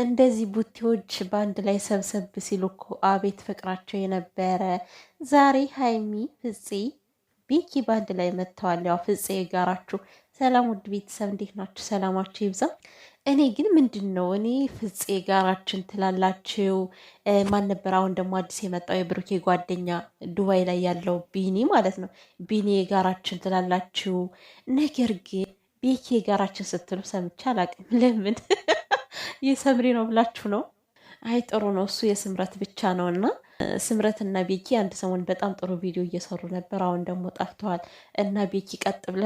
እንደዚህ ቡቲዎች በአንድ ላይ ሰብሰብ ሲሉ እኮ አቤት ፍቅራቸው የነበረ። ዛሬ ሀይሚ ፍፄ፣ ቤኪ በአንድ ላይ መጥተዋል። ያው ፍፄ የጋራችሁ ሰላም ውድ ቤተሰብ እንዴት ናችሁ? ሰላማችሁ ይብዛ። እኔ ግን ምንድን ነው እኔ ፍፄ ጋራችን ትላላችሁ። ማን ነበር አሁን ደግሞ አዲስ የመጣው የብሩኬ ጓደኛ ዱባይ ላይ ያለው ቢኒ ማለት ነው። ቢኒ የጋራችን ትላላችሁ፣ ነገር ግን ቤኪ የጋራችን ስትሉ ሰምቼ አላውቅም። ለምን የሰምሪ ነው ብላችሁ ነው? አይ ጥሩ ነው እሱ የስምረት ብቻ ነው። እና ስምረት እና ቤኪ አንድ ሰሞን በጣም ጥሩ ቪዲዮ እየሰሩ ነበር። አሁን ደግሞ ጠፍተዋል። እና ቤኪ ቀጥ ብለ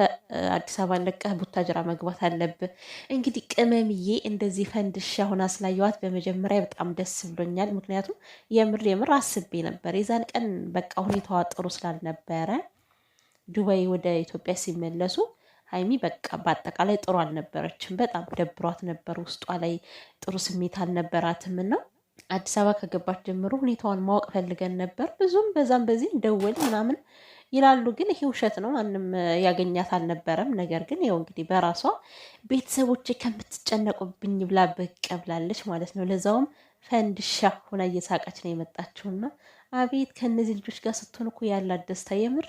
አዲስ አበባ ለቀህ ቡታጅራ መግባት አለብህ። እንግዲህ ቅመምዬ እንደዚህ ፈንድሽ አሁን አስላየዋት በመጀመሪያ በጣም ደስ ብሎኛል። ምክንያቱም የምር የምር አስቤ ነበር የዛን ቀን በቃ ሁኔታዋ ጥሩ ስላልነበረ ዱባይ ወደ ኢትዮጵያ ሲመለሱ ሀይሚ በቃ በአጠቃላይ ጥሩ አልነበረችም። በጣም ደብሯት ነበር። ውስጧ ላይ ጥሩ ስሜት አልነበራትም እና አዲስ አበባ ከገባች ጀምሮ ሁኔታዋን ማወቅ ፈልገን ነበር። ብዙም በዛም በዚህ ደወል ምናምን ይላሉ፣ ግን ይሄ ውሸት ነው። ማንም ያገኛት አልነበረም። ነገር ግን ያው እንግዲህ በራሷ ቤተሰቦቼ ከምትጨነቁብኝ ብላ ብቅ ብላለች ማለት ነው ለዛውም ፈንድሻ ሁና እየሳቀች ነው የመጣችውና አቤት ከእነዚህ ልጆች ጋር ስትሆን እኮ ያላት ደስታ የምር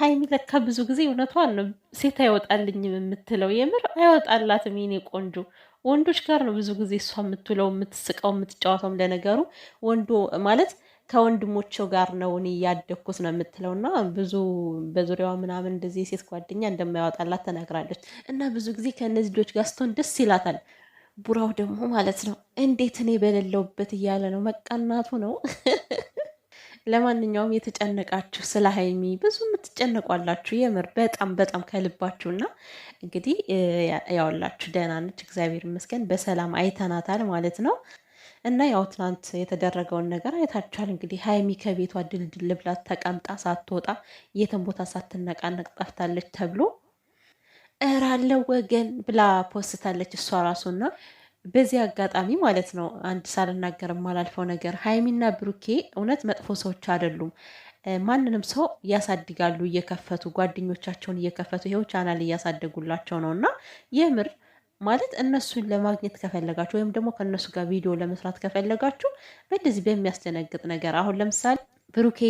ሀይሚ ለካ ብዙ ጊዜ እውነቷን ነው ሴት አይወጣልኝም የምትለው የምር አይወጣላትም የኔ ቆንጆ ወንዶች ጋር ነው ብዙ ጊዜ እሷ የምትውለው የምትስቀው የምትጫወተውም ለነገሩ ወንዶ ማለት ከወንድሞቸው ጋር ነው እኔ እያደኩት ነው የምትለው እና ብዙ በዙሪያዋ ምናምን እንደዚህ ሴት ጓደኛ እንደማያወጣላት ተናግራለች እና ብዙ ጊዜ ከእነዚህ ልጆች ጋር ስትሆን ደስ ይላታል ቡራው ደግሞ ማለት ነው እንዴት እኔ በሌለውበት እያለ ነው መቀናቱ ነው። ለማንኛውም የተጨነቃችሁ ስለ ሀይሚ ብዙ የምትጨነቋላችሁ የምር በጣም በጣም ከልባችሁና እንግዲህ ያውላችሁ ደህና ነች፣ እግዚአብሔር ይመስገን በሰላም አይተናታል ማለት ነው። እና ያው ትናንት የተደረገውን ነገር አይታችኋል። እንግዲህ ሀይሚ ከቤቷ ድልድል ብላት ተቀምጣ ሳትወጣ የትም ቦታ ሳትነቃነቅ ጠፍታለች ተብሎ እራለው ወገን ብላ ፖስታለች እሷ ራሱና በዚህ አጋጣሚ ማለት ነው አንድ ሳልናገር የማላልፈው ነገር ሀይሚና ብሩኬ እውነት መጥፎ ሰዎች አይደሉም። ማንንም ሰው እያሳድጋሉ እየከፈቱ ጓደኞቻቸውን እየከፈቱ ይሄው ቻናል እያሳደጉላቸው ነው እና የምር ማለት እነሱን ለማግኘት ከፈለጋችሁ ወይም ደግሞ ከእነሱ ጋር ቪዲዮ ለመስራት ከፈለጋችሁ በእንደዚህ በሚያስደነግጥ ነገር አሁን ለምሳሌ ብሩኬ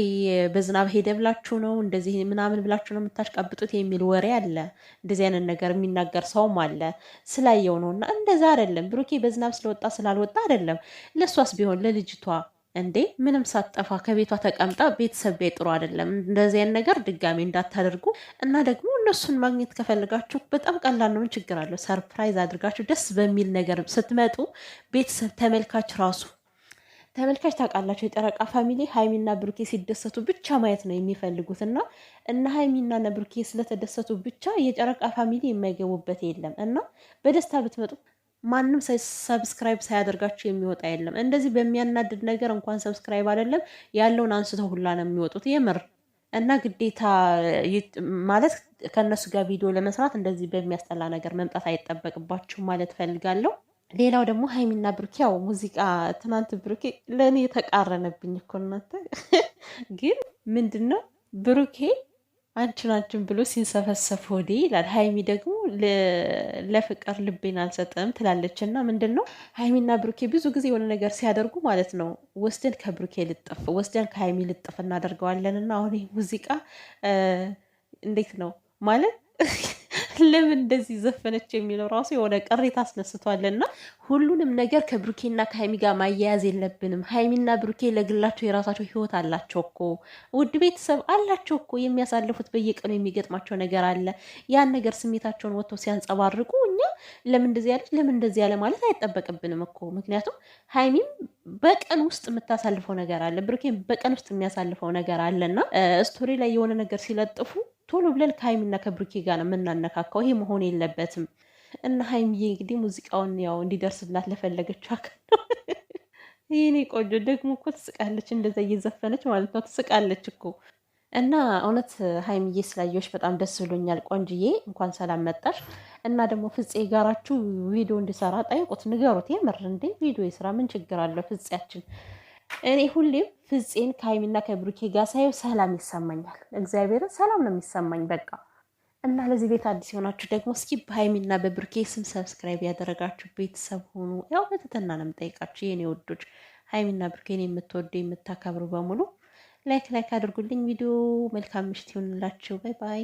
በዝናብ ሄደ ብላችሁ ነው እንደዚህ ምናምን ብላችሁ ነው የምታሽቃብጡት የሚል ወሬ አለ። እንደዚህ አይነት ነገር የሚናገር ሰውም አለ። ስላየው ነው እና እንደዛ አይደለም። ብሩኬ በዝናብ ስለወጣ ስላልወጣ አይደለም። ለእሷስ ቢሆን ለልጅቷ እንዴ ምንም ሳትጠፋ ከቤቷ ተቀምጣ ቤተሰብ ቤት ጥሩ አይደለም። እንደዚህ አይነት ነገር ድጋሚ እንዳታደርጉ እና ደግሞ እነሱን ማግኘት ከፈልጋችሁ በጣም ቀላል ነው። ችግር አለው። ሰርፕራይዝ አድርጋችሁ ደስ በሚል ነገር ስትመጡ ቤተሰብ ተመልካች ራሱ ተመልካች ታውቃላቸው፣ የጨረቃ ፋሚሊ ሀይሚና ብሩኬ ሲደሰቱ ብቻ ማየት ነው የሚፈልጉት እና እና ሀይሚና ብሩኬ ስለተደሰቱ ብቻ የጨረቃ ፋሚሊ የማይገቡበት የለም እና በደስታ ብትመጡ ማንም ሰብስክራይብ ሳያደርጋችሁ የሚወጣ የለም። እንደዚህ በሚያናድድ ነገር እንኳን ሰብስክራይብ አይደለም ያለውን አንስተው ሁላ ነው የሚወጡት የምር እና ግዴታ ማለት ከእነሱ ጋር ቪዲዮ ለመስራት እንደዚህ በሚያስጠላ ነገር መምጣት አይጠበቅባችሁም ማለት ፈልጋለሁ። ሌላው ደግሞ ሀይሚና ብሩኬ ያው ሙዚቃ ትናንት ብሩኬ ለእኔ የተቃረነብኝ እኮ እናንተ ግን ምንድን ነው ብሩኬ አንቺን አንቺን ብሎ ሲንሰፈሰፍ ወዴ ይላል። ሀይሚ ደግሞ ለፍቅር ልቤን አልሰጥም ትላለች። እና ምንድን ነው ሀይሚና ብሩኬ ብዙ ጊዜ የሆነ ነገር ሲያደርጉ ማለት ነው ወስደን ከብሩኬ ልጥፍ ወስደን ከሀይሚ ልጥፍ እናደርገዋለን። እና አሁን ይህ ሙዚቃ እንዴት ነው ማለት ለምን እንደዚህ ዘፈነች የሚለው ራሱ የሆነ ቅሬታ አስነስቷልና ሁሉንም ነገር ከብሩኬና ከሀይሚ ጋር ማያያዝ የለብንም። ሀይሚና ብሩኬ ለግላቸው የራሳቸው ህይወት አላቸው እኮ ውድ ቤተሰብ አላቸው እኮ የሚያሳልፉት በየቀኑ የሚገጥማቸው ነገር አለ። ያን ነገር ስሜታቸውን ወጥተው ሲያንጸባርቁ እኛ ለምን እንደዚህ ያለች ለምን እንደዚህ ያለ ማለት አይጠበቅብንም እኮ ምክንያቱም ሀይሚም በቀን ውስጥ የምታሳልፈው ነገር አለ፣ ብሩኬን በቀን ውስጥ የሚያሳልፈው ነገር አለና ስቶሪ ላይ የሆነ ነገር ሲለጥፉ ቶሎ ብለን ከሀይሚና ከብሩኬ ጋር ነው የምናነካካው። ይሄ መሆን የለበትም እና ሀይሚዬ እንግዲህ ሙዚቃውን ያው እንዲደርስላት ለፈለገችው አካል ነው። ይህኔ ቆንጆ ደግሞ እኮ ትስቃለች፣ እንደዛ እየዘፈነች ማለት ነው። ትስቃለች እኮ እና እውነት ሀይሚዬ ስላየሁሽ በጣም ደስ ብሎኛል ቆንጅዬ፣ እንኳን ሰላም መጣሽ። እና ደግሞ ፍፄ ጋራችሁ ቪዲዮ እንዲሰራ ጠይቁት፣ ንገሩት። የምር እንዴ ቪዲዮ የስራ ምን ችግር አለው? ፍፄያችን እኔ ሁሌም ፍፄን ከሀይሚና ከብሩኬ ጋር ሳየው ሰላም ይሰማኛል። እግዚአብሔርን ሰላም ነው የሚሰማኝ በቃ። እና ለዚህ ቤት አዲስ የሆናችሁ ደግሞ እስኪ በሀይሚና በብሩኬ ስም ሰብስክራይብ ያደረጋችሁ ቤተሰብ ሆኑ። ያው በትህትና ነው የምጠይቃችሁ የኔ ወዶች፣ ሀይሚና ብሩኬን የምትወዱ የምታከብሩ በሙሉ ላይክ ላይክ አድርጉልኝ። ቪዲዮ መልካም ምሽት ይሁንላችሁ። ባይ ባይ።